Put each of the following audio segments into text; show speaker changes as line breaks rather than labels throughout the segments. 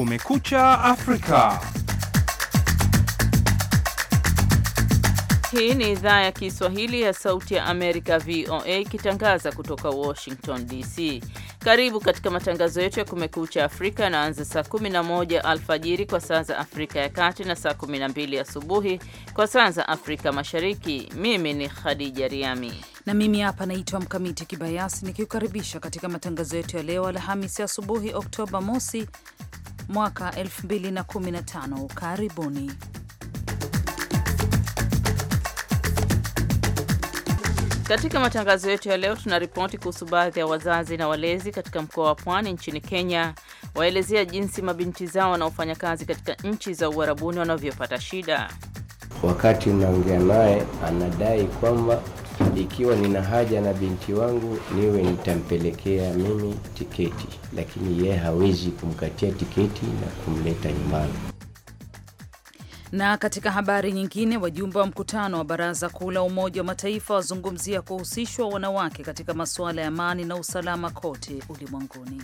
Kumekucha Afrika.
Hii ni idhaa ya Kiswahili ya Sauti ya Amerika, VOA, ikitangaza kutoka Washington DC. Karibu katika matangazo yetu ya Kumekucha Afrika yanaanza saa 11 alfajiri kwa saa za Afrika ya Kati na saa 12 asubuhi kwa saa za Afrika Mashariki. Mimi ni Khadija Riami
na mimi hapa naitwa Mkamiti Kibayasi nikiukaribisha katika matangazo yetu ya leo Alhamisi asubuhi, Oktoba mosi mwaka 2015. Karibuni.
Katika matangazo yetu ya leo tuna ripoti kuhusu baadhi ya wazazi na walezi katika mkoa wa Pwani nchini Kenya waelezea jinsi mabinti zao wanaofanya kazi katika nchi za uharabuni wanavyopata shida.
Wakati unaongea naye anadai kwamba ikiwa nina haja na binti wangu niwe nitampelekea mimi tiketi, lakini yeye hawezi kumkatia tiketi na kumleta nyumbani.
Na katika habari nyingine, wajumbe wa mkutano wa baraza kuu la Umoja wa Mataifa wazungumzia kuhusishwa wanawake katika masuala ya amani na usalama kote ulimwenguni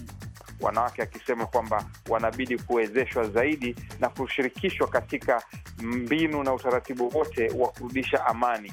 wanawake akisema kwamba wanabidi kuwezeshwa zaidi na kushirikishwa katika mbinu na utaratibu wote wa kurudisha amani.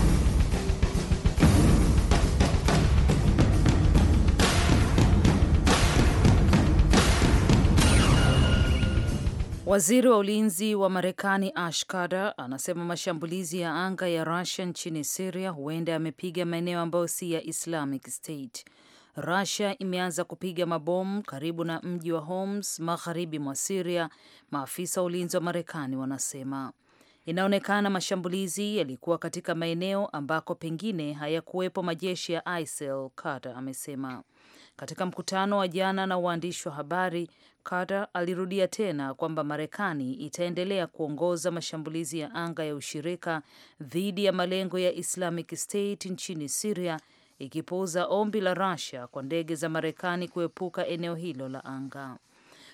Waziri wa ulinzi wa Marekani Ash Carter anasema mashambulizi ya anga ya Rusia nchini Siria huenda yamepiga maeneo ambayo si ya Islamic State. Rusia imeanza kupiga mabomu karibu na mji wa Homs, magharibi mwa Siria, maafisa wa ulinzi wa Marekani wanasema. Inaonekana mashambulizi yalikuwa katika maeneo ambako pengine hayakuwepo majeshi ya ISIL, Carter amesema. Katika mkutano wa jana na waandishi wa habari, Carter alirudia tena kwamba Marekani itaendelea kuongoza mashambulizi ya anga ya ushirika dhidi ya malengo ya Islamic State nchini Siria, ikipuuza ombi la Russia kwa ndege za Marekani kuepuka eneo hilo la anga.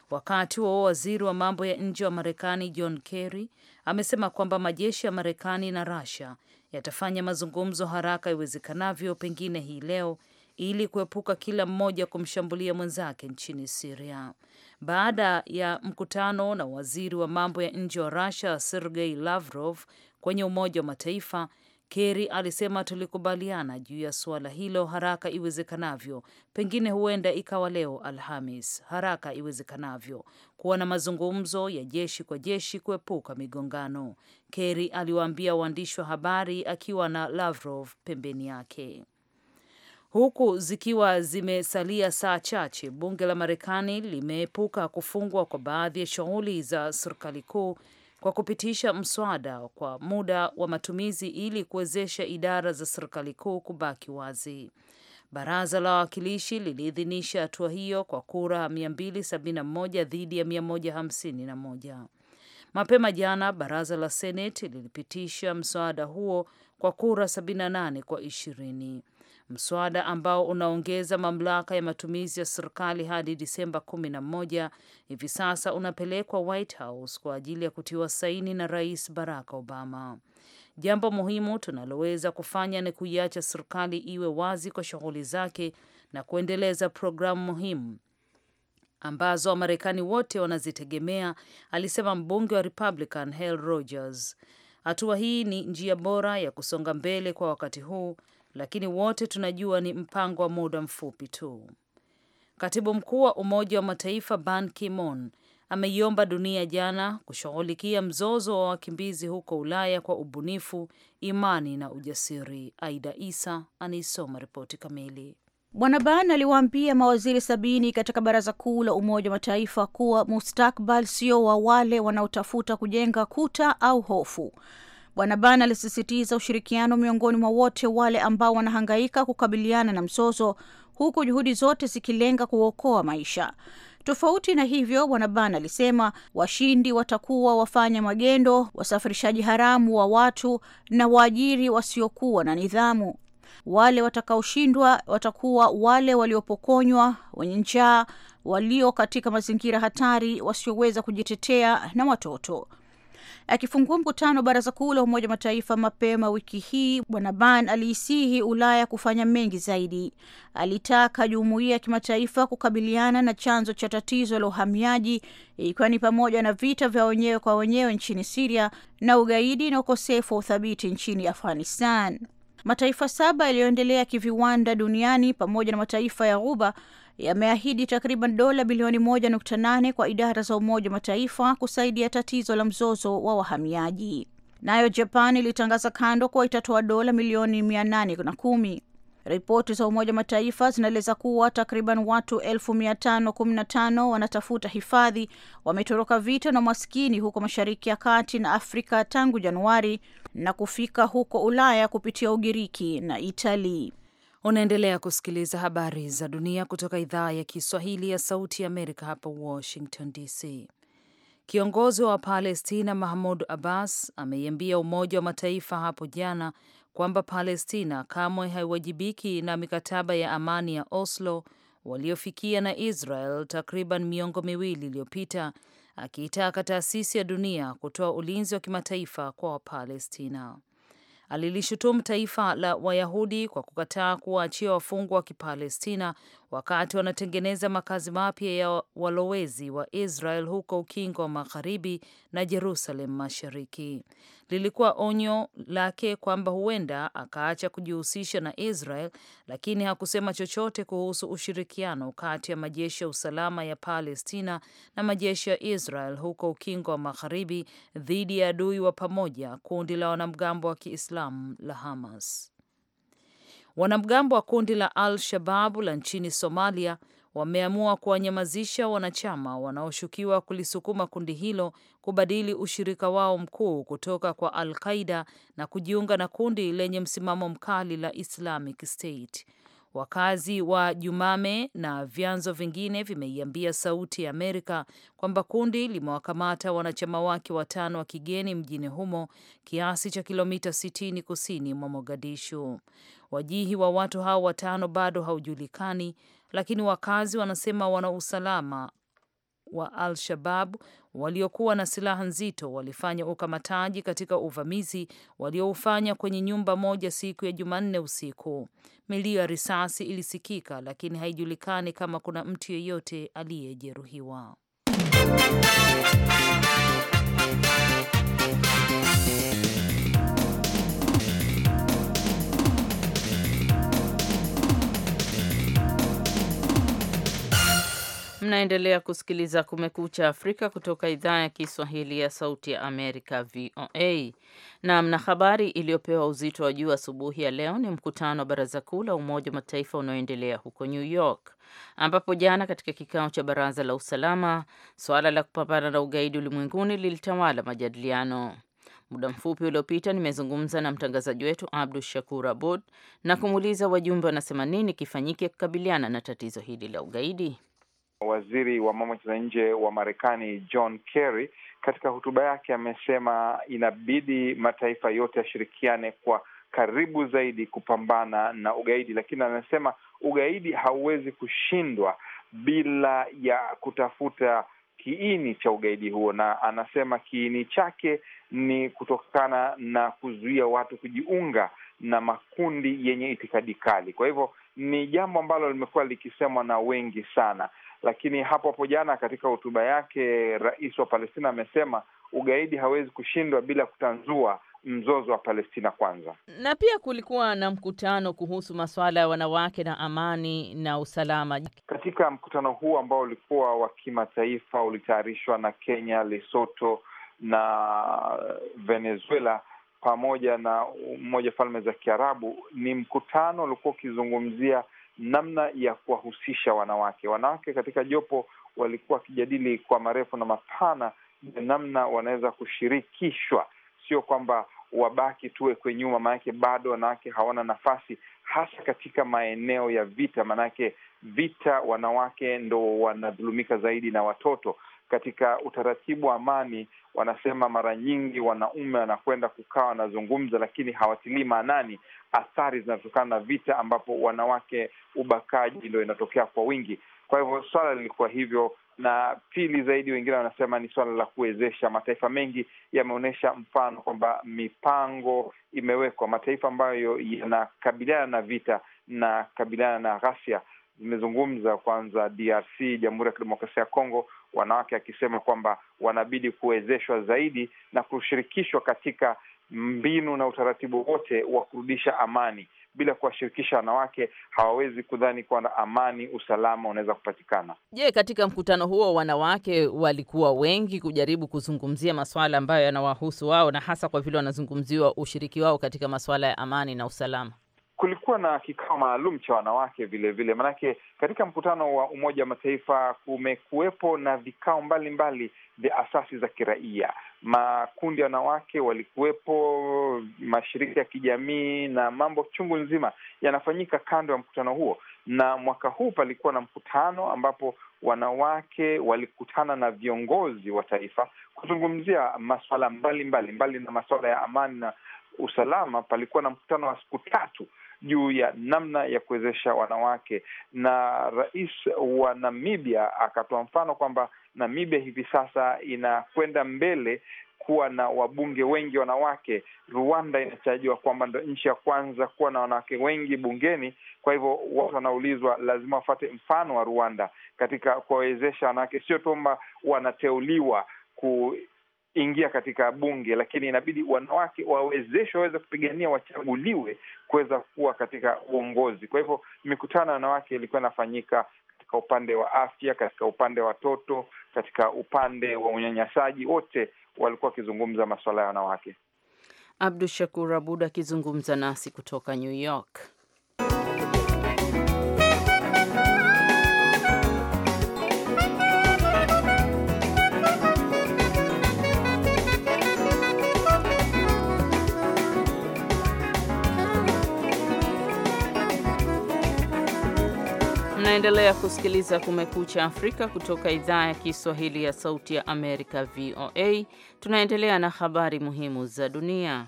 Wakati huo waziri wa mambo ya nje wa Marekani John Kerry amesema kwamba majeshi ya Marekani na Russia yatafanya mazungumzo haraka iwezekanavyo, pengine hii leo ili kuepuka kila mmoja kumshambulia mwenzake nchini siria Baada ya mkutano na waziri wa mambo ya nje wa Rusia Sergei Lavrov kwenye Umoja wa Mataifa, Kerry alisema tulikubaliana juu ya suala hilo haraka iwezekanavyo, pengine huenda ikawa leo Alhamis, haraka iwezekanavyo, kuwa na mazungumzo ya jeshi kwa jeshi kuepuka migongano, Kerry aliwaambia waandishi wa habari akiwa na Lavrov pembeni yake. Huku zikiwa zimesalia saa chache, bunge la Marekani limeepuka kufungwa kwa baadhi ya shughuli za serikali kuu kwa kupitisha mswada kwa muda wa matumizi ili kuwezesha idara za serikali kuu kubaki wazi. Baraza la Wawakilishi liliidhinisha hatua hiyo kwa kura 271 dhidi ya 151. Mapema jana baraza la Seneti lilipitisha mswada huo kwa kura 78 kwa ishirini mswada ambao unaongeza mamlaka ya matumizi ya serikali hadi Disemba kumi na moja hivi sasa unapelekwa White House kwa ajili ya kutiwa saini na Rais Barack Obama. Jambo muhimu tunaloweza kufanya ni kuiacha serikali iwe wazi kwa shughuli zake na kuendeleza programu muhimu ambazo Wamarekani wote wanazitegemea, alisema mbunge wa Republican Hal Rogers. Hatua hii ni njia bora ya kusonga mbele kwa wakati huu lakini wote tunajua ni mpango wa muda mfupi tu. Katibu mkuu wa Umoja wa Mataifa Ban Ki-moon ameiomba dunia jana kushughulikia mzozo wa wakimbizi huko Ulaya kwa ubunifu, imani na ujasiri. Aida Isa anaisoma ripoti kamili.
Bwana Ban aliwaambia mawaziri sabini katika baraza kuu la Umoja wa Mataifa kuwa mustakbal sio wa wale wanaotafuta kujenga kuta au hofu, Bwana Ban alisisitiza ushirikiano miongoni mwa wote wale ambao wanahangaika kukabiliana na mzozo, huku juhudi zote zikilenga kuokoa maisha. Tofauti na hivyo, Bwana Ban alisema washindi watakuwa wafanya magendo, wasafirishaji haramu wa watu na waajiri wasiokuwa na nidhamu. Wale watakaoshindwa watakuwa wale waliopokonywa, wenye njaa, walio katika mazingira hatari, wasioweza kujitetea na watoto. Akifungua mkutano wa baraza kuu la Umoja wa Mataifa mapema wiki hii, Bwana Ban aliisihi Ulaya kufanya mengi zaidi. Alitaka jumuiya ya kimataifa kukabiliana na chanzo cha tatizo la uhamiaji, ikiwa ni pamoja na vita vya wenyewe kwa wenyewe nchini Siria na ugaidi na ukosefu wa uthabiti nchini Afghanistan. Mataifa saba yaliyoendelea kiviwanda duniani pamoja na mataifa ya Ghuba yameahidi takriban dola bilioni 1.8 kwa idara za Umoja wa Mataifa kusaidia tatizo la mzozo wa wahamiaji. Nayo Japan ilitangaza kando kuwa itatoa dola milioni 810. Ripoti za Umoja wa Mataifa zinaeleza kuwa takriban watu 515 wanatafuta hifadhi wametoroka vita na umaskini huko Mashariki ya Kati na Afrika tangu Januari na kufika huko Ulaya kupitia Ugiriki na Itali. Unaendelea kusikiliza
habari za dunia kutoka idhaa ya Kiswahili ya Sauti ya Amerika hapa Washington DC. Kiongozi wa Palestina Mahmud Abbas ameiambia Umoja wa Mataifa hapo jana kwamba Palestina kamwe haiwajibiki na mikataba ya amani ya Oslo waliofikia na Israel takriban miongo miwili iliyopita, akiitaka taasisi ya dunia kutoa ulinzi wa kimataifa kwa Wapalestina. Alilishutumu taifa la Wayahudi kwa kukataa kuwaachia wafungwa wa Kipalestina wakati wanatengeneza makazi mapya ya walowezi wa Israel huko Ukingo wa Magharibi na Jerusalem Mashariki. Lilikuwa onyo lake kwamba huenda akaacha kujihusisha na Israel, lakini hakusema chochote kuhusu ushirikiano kati ya majeshi ya usalama ya Palestina na majeshi ya Israel huko Ukingo wa Magharibi dhidi ya adui wa pamoja, kundi la wanamgambo wa Kiislamu la Hamas. Wanamgambo wa kundi la Al Shababu la nchini Somalia wameamua kuwanyamazisha wanachama wanaoshukiwa kulisukuma kundi hilo kubadili ushirika wao mkuu kutoka kwa Al Qaida na kujiunga na kundi lenye msimamo mkali la Islamic State. Wakazi wa Jumame na vyanzo vingine vimeiambia Sauti ya Amerika kwamba kundi limewakamata wanachama wake watano wa kigeni mjini humo, kiasi cha kilomita 60 kusini mwa Mogadishu. Wajihi wa watu hao watano bado haujulikani, lakini wakazi wanasema wana usalama wa Al-Shabab waliokuwa na silaha nzito walifanya ukamataji katika uvamizi walioufanya kwenye nyumba moja siku ya Jumanne usiku. Milio ya risasi ilisikika, lakini haijulikani kama kuna mtu yeyote aliyejeruhiwa.
Mnaendelea kusikiliza Kumekucha Afrika kutoka idhaa ya Kiswahili ya Sauti ya Amerika, VOA. Naam, na habari iliyopewa uzito wa juu asubuhi ya leo ni mkutano wa Baraza Kuu la Umoja wa Mataifa unaoendelea huko New York, ambapo jana katika kikao cha Baraza la Usalama suala la kupambana na ugaidi ulimwenguni lilitawala majadiliano. Muda mfupi uliopita nimezungumza na mtangazaji wetu Abdu Shakur Abud na kumuuliza wajumbe wanasema nini kifanyike kukabiliana na tatizo
hili la ugaidi. Waziri wa mambo ya nje wa Marekani John Kerry katika hotuba yake amesema inabidi mataifa yote yashirikiane kwa karibu zaidi kupambana na ugaidi, lakini anasema ugaidi hauwezi kushindwa bila ya kutafuta kiini cha ugaidi huo, na anasema kiini chake ni kutokana na kuzuia watu kujiunga na makundi yenye itikadi kali. Kwa hivyo ni jambo ambalo limekuwa likisemwa na wengi sana, lakini hapo hapo jana katika hotuba yake, rais wa Palestina amesema ugaidi hawezi kushindwa bila kutanzua mzozo wa Palestina kwanza.
Na pia kulikuwa na mkutano kuhusu masuala ya wanawake na amani na usalama.
Katika mkutano huu ambao ulikuwa wa kimataifa, ulitayarishwa na Kenya, lesoto na Venezuela pamoja na Umoja Falme za Kiarabu, ni mkutano uliokuwa ukizungumzia namna ya kuwahusisha wanawake. Wanawake katika jopo walikuwa wakijadili kwa marefu na mapana ya namna wanaweza kushirikishwa, sio kwamba wabaki tuwe kwe nyuma, maanake bado wanawake hawana nafasi, hasa katika maeneo ya vita. Maanake vita, wanawake ndo wanadhulumika zaidi na watoto katika utaratibu wa amani, wanasema mara nyingi wanaume wanakwenda kukaa wanazungumza, lakini hawatilii maanani athari zinazotokana na vita, ambapo wanawake, ubakaji ndo inatokea kwa wingi. Kwa hivyo swala lilikuwa hivyo, na pili zaidi, wengine wanasema ni swala la kuwezesha. Mataifa mengi yameonyesha mfano kwamba mipango imewekwa, mataifa ambayo yanakabiliana na vita na kabiliana na ghasia zimezungumza kwanza, DRC, Jamhuri ya Kidemokrasia ya Kongo wanawake akisema kwamba wanabidi kuwezeshwa zaidi na kushirikishwa katika mbinu na utaratibu wote wa kurudisha amani. Bila kuwashirikisha wanawake, hawawezi kudhani kwamba amani, usalama unaweza kupatikana.
Je, katika mkutano huo wanawake walikuwa wengi kujaribu kuzungumzia masuala ambayo yanawahusu wao, na hasa kwa vile wanazungumziwa ushiriki wao katika masuala ya amani na usalama?
kulikuwa na kikao maalum cha wanawake vilevile, maanake katika mkutano wa Umoja wa Mataifa kumekuwepo na vikao mbalimbali vya asasi za kiraia. Makundi ya wanawake walikuwepo, mashirika ya kijamii na mambo chungu nzima yanafanyika kando ya mkutano huo. Na mwaka huu palikuwa na mkutano ambapo wanawake walikutana na viongozi wa taifa kuzungumzia masuala mbalimbali mbali na masuala ya amani na usalama, palikuwa na mkutano wa siku tatu juu ya namna ya kuwezesha wanawake, na rais wa Namibia akatoa mfano kwamba Namibia hivi sasa inakwenda mbele kuwa na wabunge wengi wanawake. Rwanda inatarajiwa kwamba ndo nchi ya kwanza kuwa na wanawake wengi bungeni. Kwa hivyo watu wanaulizwa, lazima wafate mfano wa Rwanda katika kuwawezesha wanawake, sio tu kwamba wanateuliwa ku ingia katika bunge, lakini inabidi wanawake wawezeshwe, waweze kupigania, wachaguliwe kuweza kuwa katika uongozi. Kwa hivyo mikutano ya wanawake ilikuwa inafanyika katika upande wa afya, katika upande wa watoto, katika upande wa unyanyasaji, wote walikuwa wakizungumza masuala ya wanawake.
Abdu Shakur Abud akizungumza nasi kutoka New York. Unaendelea kusikiliza Kumekucha Afrika kutoka idhaa ya Kiswahili ya Sauti ya Amerika, VOA. Tunaendelea na habari muhimu za dunia.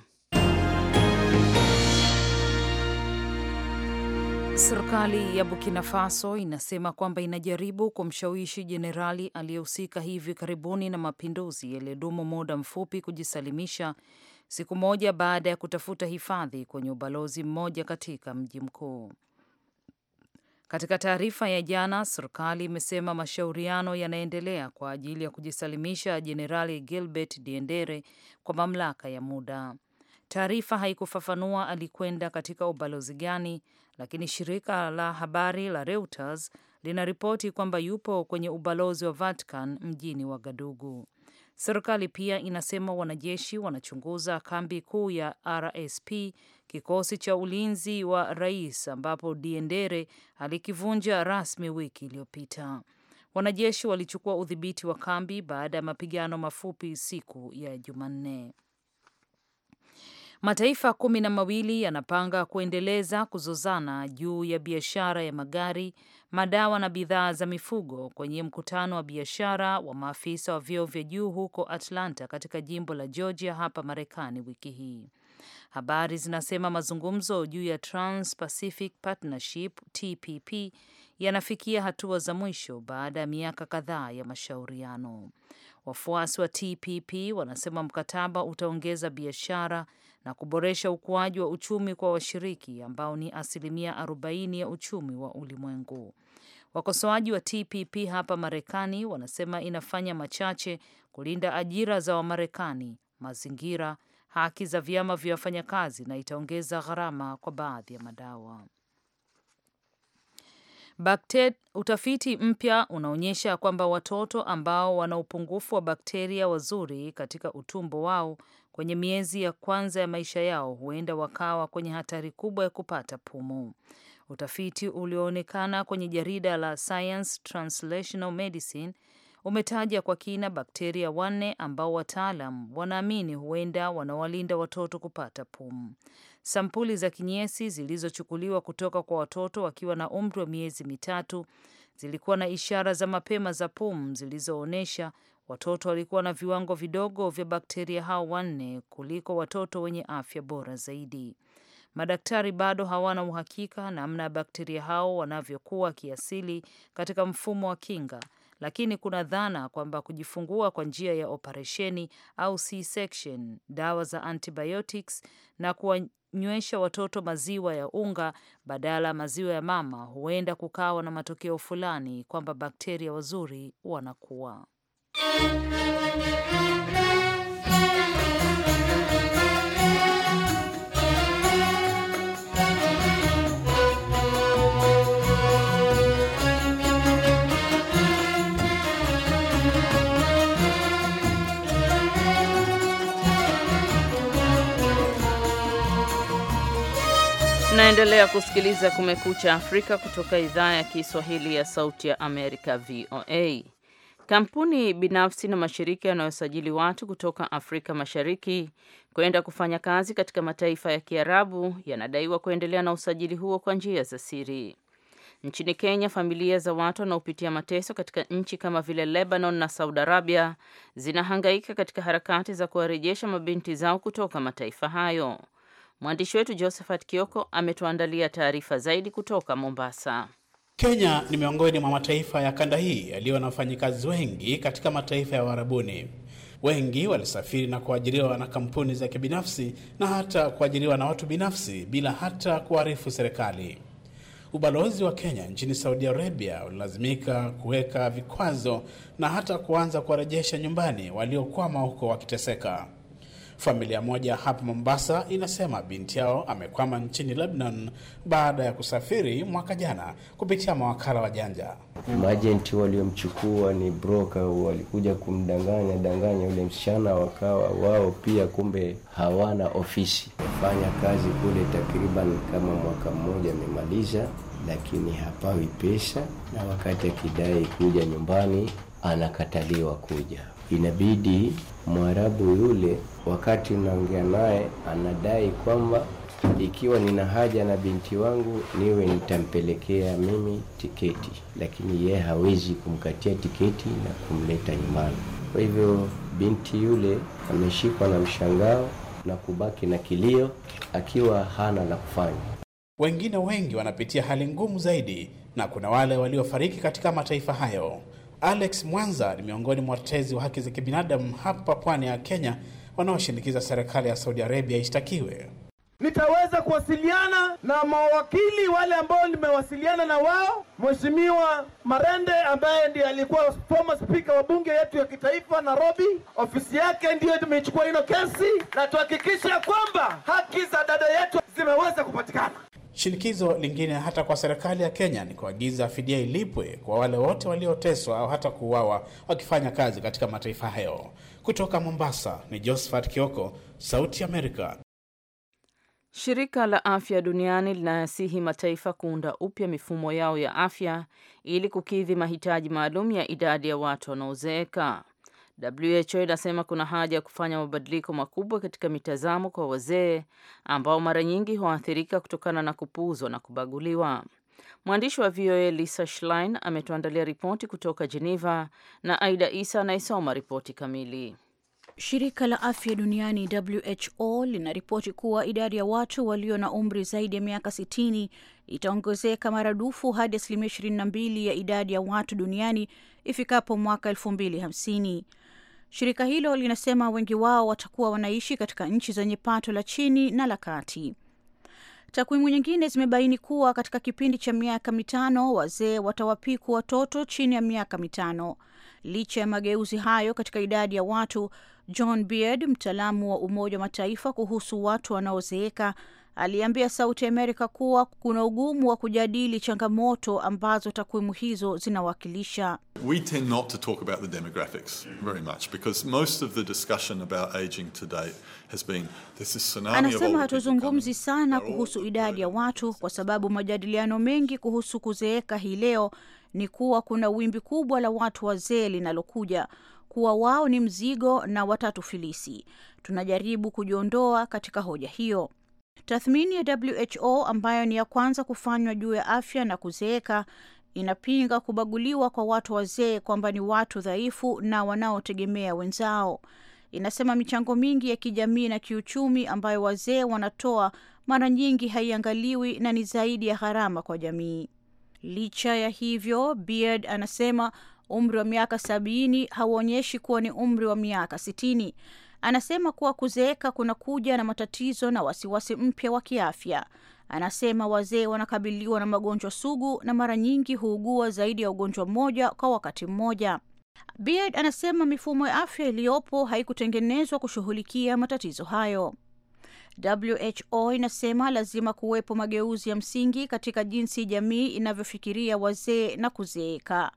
Serikali ya Burkina
Faso inasema kwamba inajaribu kumshawishi jenerali aliyehusika hivi karibuni na mapinduzi yaliyodumu muda mfupi kujisalimisha siku moja baada ya kutafuta hifadhi kwenye ubalozi mmoja katika mji mkuu. Katika taarifa ya jana, serikali imesema mashauriano yanaendelea kwa ajili ya kujisalimisha Jenerali Gilbert Diendere kwa mamlaka ya muda. Taarifa haikufafanua alikwenda katika ubalozi gani, lakini shirika la habari la Reuters linaripoti kwamba yupo kwenye ubalozi wa Vatican mjini Wagadugu. Serikali pia inasema wanajeshi wanachunguza kambi kuu ya RSP kikosi cha ulinzi wa rais ambapo Diendere alikivunja rasmi wiki iliyopita. Wanajeshi walichukua udhibiti wa kambi baada ya mapigano mafupi siku ya Jumanne. Mataifa kumi na mawili yanapanga kuendeleza kuzozana juu ya biashara ya magari, madawa na bidhaa za mifugo kwenye mkutano wa biashara wa maafisa wa vyeo vya juu huko Atlanta katika jimbo la Georgia hapa Marekani wiki hii. Habari zinasema mazungumzo juu ya Trans-Pacific Partnership TPP yanafikia hatua za mwisho baada ya miaka kadhaa ya mashauriano. Wafuasi wa TPP wanasema mkataba utaongeza biashara na kuboresha ukuaji wa uchumi kwa washiriki ambao ni asilimia 40 ya uchumi wa ulimwengu. Wakosoaji wa TPP hapa Marekani wanasema inafanya machache kulinda ajira za Wamarekani, mazingira haki za vyama vya wafanyakazi na itaongeza gharama kwa baadhi ya madawa. Bakter, utafiti mpya unaonyesha kwamba watoto ambao wana upungufu wa bakteria wazuri katika utumbo wao kwenye miezi ya kwanza ya maisha yao huenda wakawa kwenye hatari kubwa ya kupata pumu. Utafiti ulioonekana kwenye jarida la Science Translational Medicine umetaja kwa kina bakteria wanne ambao wataalam wanaamini huenda wanawalinda watoto kupata pumu. Sampuli za kinyesi zilizochukuliwa kutoka kwa watoto wakiwa na umri wa miezi mitatu zilikuwa na ishara za mapema za pumu zilizoonyesha watoto walikuwa na viwango vidogo vya bakteria hao wanne kuliko watoto wenye afya bora zaidi. Madaktari bado hawana uhakika namna ya bakteria hao wanavyokuwa kiasili katika mfumo wa kinga lakini kuna dhana kwamba kujifungua kwa njia ya operesheni au C-section, dawa za antibiotics na kuwanywesha watoto maziwa ya unga badala ya maziwa ya mama huenda kukawa na matokeo fulani kwamba bakteria wazuri wanakuwa
Unaendelea kusikiliza Kumekucha Afrika kutoka idhaa ya Kiswahili ya Sauti ya Amerika, VOA. Kampuni binafsi na mashirika yanayosajili watu kutoka Afrika Mashariki kwenda kufanya kazi katika mataifa ya Kiarabu yanadaiwa kuendelea na usajili huo kwa njia za siri. Nchini Kenya, familia za watu wanaopitia mateso katika nchi kama vile Lebanon na Saudi Arabia zinahangaika katika harakati za kuwarejesha mabinti zao kutoka mataifa hayo. Mwandishi wetu Josephat Kioko ametuandalia taarifa zaidi kutoka Mombasa.
Kenya ni miongoni mwa mataifa ya kanda hii yaliyo na wafanyikazi wengi katika mataifa ya Uarabuni. Wengi walisafiri na kuajiriwa na kampuni za kibinafsi na hata kuajiriwa na watu binafsi bila hata kuarifu serikali. Ubalozi wa Kenya nchini Saudi Arabia ulilazimika kuweka vikwazo na hata kuanza kuwarejesha nyumbani waliokwama huko wakiteseka. Familia moja hapa Mombasa inasema binti yao amekwama nchini Lebanon baada ya kusafiri mwaka jana kupitia mawakala wa janja.
Majenti waliomchukua ni broker, walikuja kumdanganya danganya yule msichana, wakawa wao pia kumbe hawana ofisi. Fanya kazi kule takriban kama mwaka mmoja amemaliza, lakini hapawi pesa, na wakati akidai kuja nyumbani anakataliwa kuja inabidi Mwarabu yule wakati naongea naye anadai kwamba ikiwa nina haja na binti wangu niwe nitampelekea mimi tiketi, lakini ye hawezi kumkatia tiketi na kumleta nyumbani. Kwa hivyo binti yule ameshikwa na mshangao na kubaki na kilio akiwa hana la kufanya.
Wengine wengi wanapitia hali ngumu zaidi, na kuna wale waliofariki katika mataifa hayo. Alex Mwanza ni miongoni mwa watetezi wa haki za kibinadamu hapa pwani ya Kenya wanaoshinikiza serikali ya Saudi Arabia ishtakiwe. Nitaweza kuwasiliana na mawakili wale ambao nimewasiliana na wao, Mheshimiwa Marende ambaye ndiye alikuwa former speaker wa bunge yetu ya kitaifa Nairobi. Ofisi yake ndiyo imechukua ino kesi, na tuhakikisha kwamba haki za dada yetu zimeweza kupatikana. Shinikizo lingine hata kwa serikali ya Kenya ni kuagiza fidia ilipwe kwa wale wote walioteswa au hata kuuawa wakifanya kazi katika mataifa hayo. Kutoka Mombasa ni Josephat Kioko, Sauti Amerika.
Shirika la Afya Duniani linayasihi mataifa kuunda upya mifumo yao ya afya ili kukidhi mahitaji maalum ya idadi ya watu wanaozeeka. WHO inasema kuna haja ya kufanya mabadiliko makubwa katika mitazamo kwa wazee ambao mara nyingi huathirika kutokana na kupuuzwa na kubaguliwa. Mwandishi wa VOA Lisa Schlein ametuandalia ripoti kutoka Geneva na Aida Isa anayesoma ripoti kamili.
Shirika la afya duniani WHO linaripoti kuwa idadi ya watu walio na umri zaidi ya miaka 60 itaongezeka maradufu hadi asilimia 22 ya idadi ya watu duniani ifikapo mwaka 2050. Shirika hilo linasema wengi wao watakuwa wanaishi katika nchi zenye pato la chini na la kati. Takwimu nyingine zimebaini kuwa katika kipindi cha miaka mitano wazee watawapiku watoto chini ya miaka mitano. Licha ya mageuzi hayo katika idadi ya watu, John Beard, mtaalamu wa Umoja wa Mataifa kuhusu watu wanaozeeka, aliambia Sauti ya Amerika kuwa kuna ugumu wa kujadili changamoto ambazo takwimu hizo zinawakilisha.
We tend not to talk about the demographics very much because most of the discussion about aging has been this is tsunami. Anasema
hatuzungumzi sana kuhusu idadi ya watu kwa sababu majadiliano mengi kuhusu kuzeeka hii leo ni kuwa kuna wimbi kubwa la watu wazee linalokuja kuwa wao ni mzigo na watatu filisi Tunajaribu kujiondoa katika hoja hiyo. Tathmini ya WHO ambayo ni ya kwanza kufanywa juu ya afya na kuzeeka inapinga kubaguliwa kwa watu wazee kwamba ni watu dhaifu na wanaotegemea wenzao. Inasema michango mingi ya kijamii na kiuchumi ambayo wazee wanatoa mara nyingi haiangaliwi na ni zaidi ya gharama kwa jamii. Licha ya hivyo, Beard anasema umri wa miaka sabini hauonyeshi kuwa ni umri wa miaka sitini. Anasema kuwa kuzeeka kunakuja na matatizo na wasiwasi mpya wa kiafya. Anasema wazee wanakabiliwa na magonjwa sugu na mara nyingi huugua zaidi ya ugonjwa mmoja kwa wakati mmoja. Beard anasema mifumo ya afya iliyopo haikutengenezwa kushughulikia matatizo hayo. WHO inasema lazima kuwepo mageuzi ya msingi katika jinsi jamii inavyofikiria wazee na kuzeeka.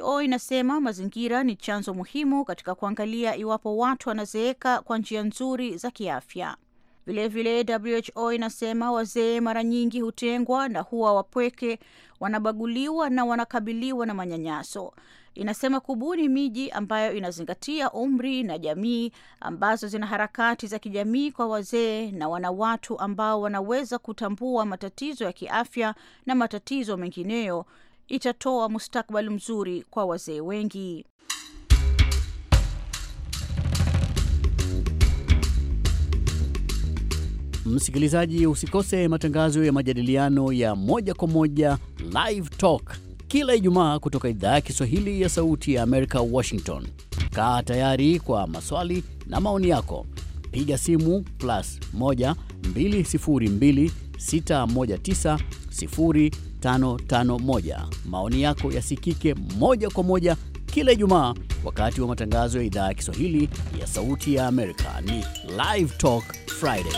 WHO inasema mazingira ni chanzo muhimu katika kuangalia iwapo watu wanazeeka kwa njia nzuri za kiafya. Vilevile vile WHO inasema wazee mara nyingi hutengwa na huwa wapweke, wanabaguliwa na wanakabiliwa na manyanyaso. Inasema kubuni miji ambayo inazingatia umri na jamii ambazo zina harakati za kijamii kwa wazee na wana watu ambao wanaweza kutambua matatizo ya kiafya na matatizo mengineyo itatoa mustakbal mzuri kwa wazee wengi.
Msikilizaji, usikose matangazo ya majadiliano ya moja kwa moja Live Talk kila Ijumaa kutoka idhaa ya Kiswahili ya Sauti ya Amerika, Washington. Kaa tayari kwa maswali na maoni yako, piga simu plus 1 202 619 551. Maoni yako yasikike moja kwa moja kila Ijumaa wakati wa matangazo ya idhaa ya Kiswahili ya Sauti ya Amerika. Ni Live Talk Friday.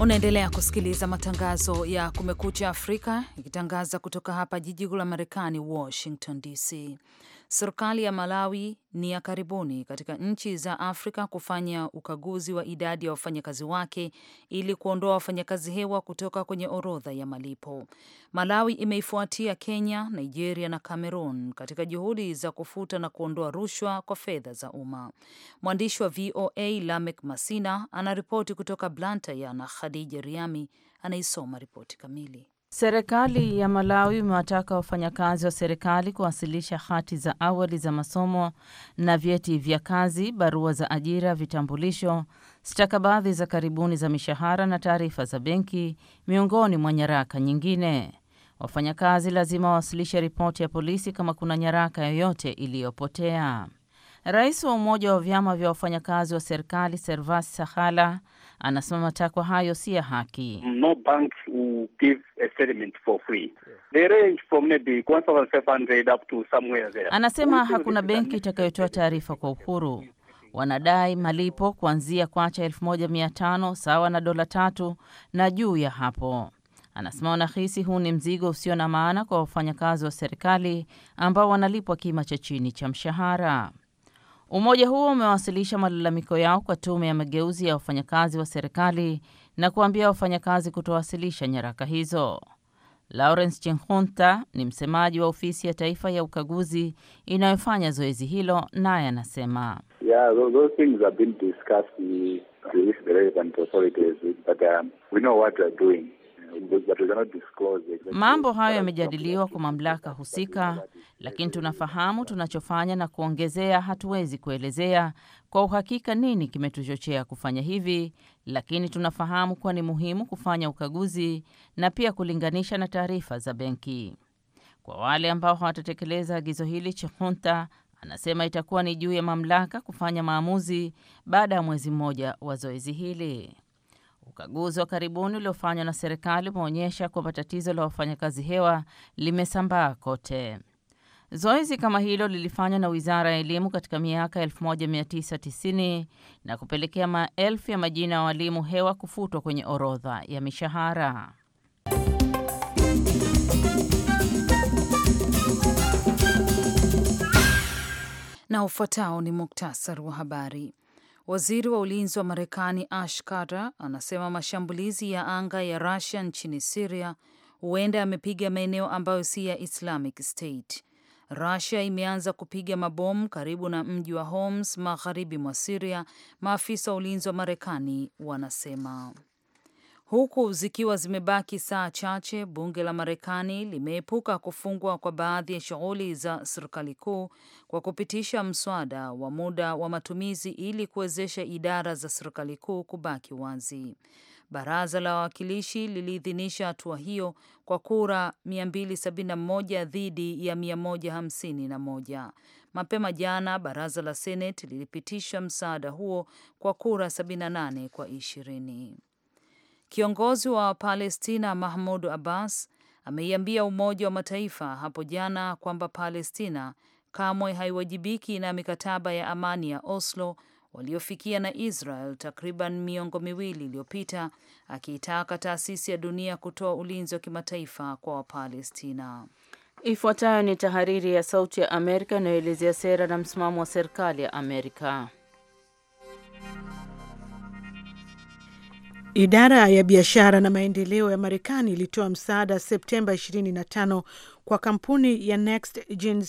Unaendelea kusikiliza matangazo ya Kumekucha Afrika ikitangaza kutoka hapa jiji kuu la Marekani, Washington DC. Serikali ya Malawi ni ya karibuni katika nchi za Afrika kufanya ukaguzi wa idadi ya wafanyakazi wake ili kuondoa wafanyakazi hewa kutoka kwenye orodha ya malipo. Malawi imeifuatia Kenya, Nigeria na Cameroon katika juhudi za kufuta na kuondoa rushwa kwa fedha za umma. Mwandishi wa VOA Lamek Masina anaripoti kutoka Blantyre na Khadija Riami anaisoma ripoti kamili.
Serikali ya Malawi imewataka wafanyakazi wa serikali kuwasilisha hati za awali za masomo na vyeti vya kazi, barua za ajira, vitambulisho, stakabadhi za karibuni za mishahara na taarifa za benki, miongoni mwa nyaraka nyingine. Wafanyakazi lazima wawasilishe ripoti ya polisi kama kuna nyaraka yoyote iliyopotea. Rais wa Umoja wa Vyama vya Wafanyakazi wa Serikali Servas Sahala anasema matakwa hayo si ya haki.
No bank will give a settlement for free. They range from maybe
1,500 up to somewhere there.
Anasema hakuna benki itakayotoa taarifa kwa uhuru. Wanadai malipo kuanzia kwacha 1500 sawa na dola tatu na juu ya hapo. Anasema wanahisi huu ni mzigo usio na maana kwa wafanyakazi wa serikali ambao wanalipwa kima cha chini cha mshahara. Umoja huo umewasilisha malalamiko yao kwa tume ya mageuzi ya wafanyakazi wa serikali na kuambia wafanyakazi kutowasilisha nyaraka hizo. Lawrence chinhunta ni msemaji wa ofisi ya taifa ya ukaguzi inayofanya zoezi hilo, naye anasema yeah, Mambo hayo yamejadiliwa kwa mamlaka husika, lakini tunafahamu tunachofanya na kuongezea, hatuwezi kuelezea kwa uhakika nini kimetuchochea kufanya hivi, lakini tunafahamu kuwa ni muhimu kufanya ukaguzi na pia kulinganisha na taarifa za benki. Kwa wale ambao hawatatekeleza agizo hili, Chihunta anasema itakuwa ni juu ya mamlaka kufanya maamuzi baada ya mwezi mmoja wa zoezi hili. Ukaguzi wa karibuni uliofanywa na serikali umeonyesha kwamba tatizo la wafanyakazi hewa limesambaa kote. Zoezi kama hilo lilifanywa na Wizara ya Elimu katika miaka 1990 na kupelekea maelfu ya majina ya walimu hewa kufutwa kwenye orodha ya mishahara.
Na ufuatao ni muktasari wa habari. Waziri wa ulinzi wa Marekani Ash Carter anasema mashambulizi ya anga ya Rusia nchini Siria huenda yamepiga maeneo ambayo si ya Islamic State. Rusia imeanza kupiga mabomu karibu na mji wa Homs magharibi mwa Siria, maafisa wa ulinzi wa Marekani wanasema. Huku zikiwa zimebaki saa chache, bunge la Marekani limeepuka kufungwa kwa baadhi ya shughuli za serikali kuu kwa kupitisha mswada wa muda wa matumizi ili kuwezesha idara za serikali kuu kubaki wazi. Baraza la Wawakilishi liliidhinisha hatua hiyo kwa kura 271 dhidi ya 151. Mapema jana, baraza la Seneti lilipitisha msaada huo kwa kura 78 kwa 20. Kiongozi wa Palestina Mahmud Abbas ameiambia Umoja wa Mataifa hapo jana kwamba Palestina kamwe haiwajibiki na mikataba ya amani ya Oslo waliofikia na Israel takriban miongo miwili iliyopita, akiitaka taasisi ya dunia kutoa ulinzi wa kimataifa
kwa Wapalestina. Ifuatayo ni tahariri ya Sauti ya Amerika inayoelezea sera na msimamo wa serikali ya Amerika.
Idara ya biashara na maendeleo ya Marekani ilitoa msaada Septemba 25 kwa kampuni ya Next Gen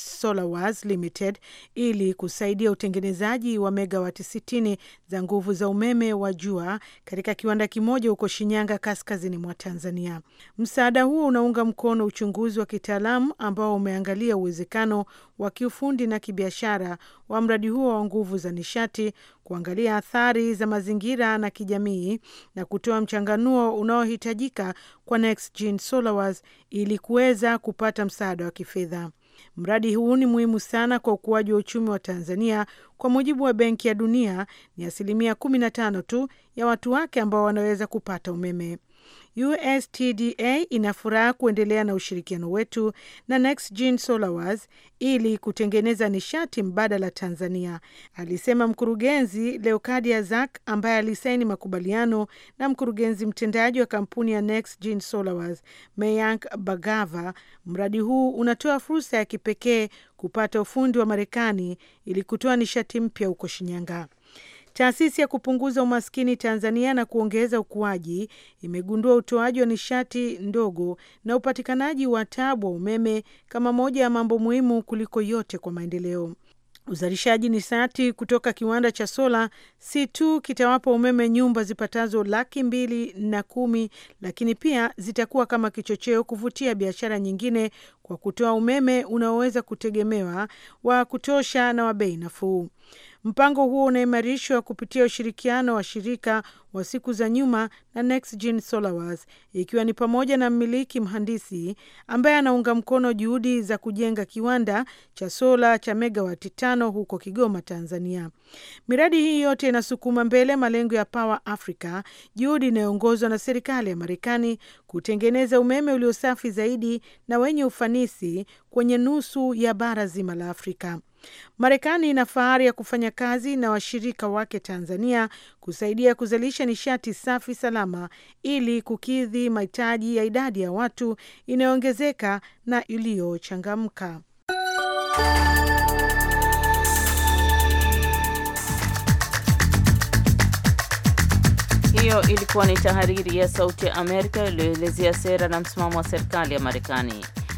Limited ili kusaidia utengenezaji wa megawati 60 za nguvu za umeme wa jua katika kiwanda kimoja huko Shinyanga, kaskazini mwa Tanzania. Msaada huo unaunga mkono uchunguzi wa kitaalamu ambao umeangalia uwezekano wa kiufundi na kibiashara wa mradi huo wa nguvu za nishati, kuangalia athari za mazingira na kijamii na kutoa mchanganuo unaohitajika kwa NextGen ili kuweza kupata msaada wa kifedha. Mradi huu ni muhimu sana kwa ukuaji wa uchumi wa Tanzania. Kwa mujibu wa Benki ya Dunia, ni asilimia 15 tu ya watu wake ambao wanaweza kupata umeme. USTDA ina furaha kuendelea na ushirikiano wetu na NextGen SolarWorks ili kutengeneza nishati mbadala Tanzania, alisema mkurugenzi Leocadia Zak ambaye alisaini makubaliano na mkurugenzi mtendaji wa kampuni ya NextGen SolarWorks Mayank Bagava. Mradi huu unatoa fursa ya kipekee kupata ufundi wa Marekani ili kutoa nishati mpya huko Shinyanga. Taasisi ya kupunguza umaskini Tanzania na kuongeza ukuaji imegundua utoaji wa nishati ndogo na upatikanaji wa tabu wa umeme kama moja ya mambo muhimu kuliko yote kwa maendeleo. Uzalishaji nishati kutoka kiwanda cha sola si tu kitawapa umeme nyumba zipatazo laki mbili na kumi, lakini pia zitakuwa kama kichocheo kuvutia biashara nyingine kwa kutoa umeme unaoweza kutegemewa wa kutosha na wa bei nafuu. Mpango huo unaimarishwa kupitia ushirikiano wa shirika wa siku za nyuma na NextGen SolarWorks, ikiwa ni pamoja na mmiliki mhandisi ambaye anaunga mkono juhudi za kujenga kiwanda cha sola cha megawati tano huko Kigoma, Tanzania. Miradi hii yote inasukuma mbele malengo ya Power Africa, juhudi inayoongozwa na serikali ya Marekani kutengeneza umeme ulio safi zaidi na wenye ufanisi kwenye nusu ya bara zima la Afrika. Marekani ina fahari ya kufanya kazi na washirika wake Tanzania kusaidia kuzalisha nishati safi salama ili kukidhi mahitaji ya idadi ya watu inayoongezeka na iliyochangamka.
Hiyo ilikuwa ni tahariri ya Sauti ya Amerika iliyoelezea sera na msimamo wa serikali ya Marekani.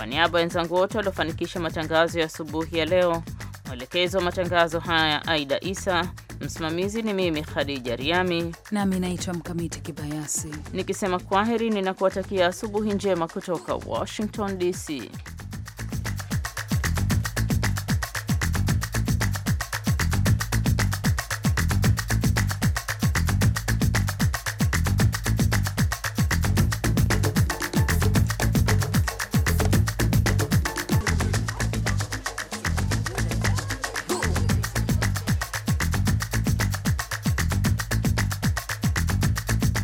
Kwa niaba ya wenzangu wote waliofanikisha matangazo ya asubuhi ya leo, mwelekezi wa matangazo haya Aida Isa, msimamizi ni mimi Khadija Riami
nami naitwa Mkamiti Kibayasi,
nikisema kwaheri, ninakuwatakia asubuhi njema kutoka Washington DC.